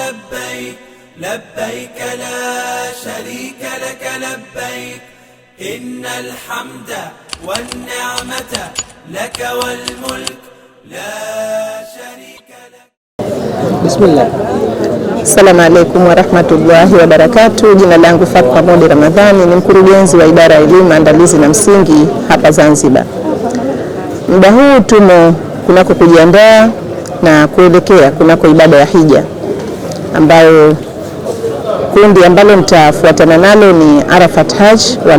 لبيك لبيك لا شريك لك لبيك إن الحمد والنعمة لك والملك لا شريك لك بسم الله Assalamu alaikum warahmatullahi wabarakatu. Jina langu Fatma mode Ramadhani, ni mkurugenzi wa idara ya elimu maandalizi na msingi hapa Zanzibar. Muda huu tumo kunako kujiandaa na kuelekea kunako ibada ya hija ambayo kundi ambalo nitafuatana nalo ni Arafat Haj wala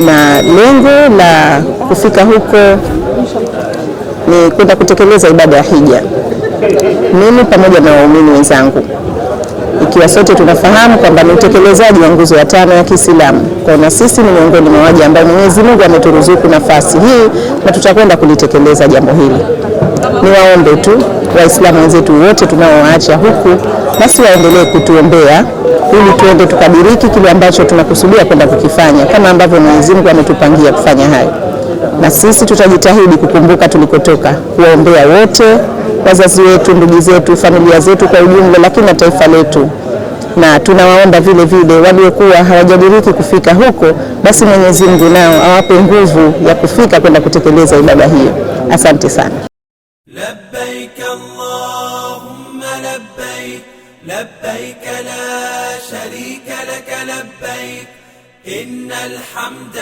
na lengo la kufika huko ni kwenda kutekeleza ibada ya hija, mimi pamoja na waumini wenzangu, ikiwa sote tunafahamu kwamba ni utekelezaji wa nguzo ya tano ya Kiislamu. Kwa na sisi ni miongoni mwa waja ambao Mwenyezi Mungu ameturuzuku nafasi hii na tutakwenda kulitekeleza jambo hili. Niwaombe tu Waislamu wenzetu wote tunaoacha huku, basi waendelee kutuombea ili tuende tukadiriki kile ambacho tunakusudia kwenda kukifanya, kama ambavyo Mwenyezi Mungu ametupangia kufanya hayo, na sisi tutajitahidi kukumbuka tulikotoka, kuwaombea wote, wazazi wetu, ndugu zetu, familia zetu kwa ujumla, lakini na taifa letu na tunawaomba vile vile waliokuwa hawajadiriki kufika huko, basi Mwenyezi Mungu nao awape nguvu ya kufika kwenda kutekeleza ibada hiyo. Asante sana. لبيك اللهم لبيك لبيك لا شريك لك لبيك إن الحمد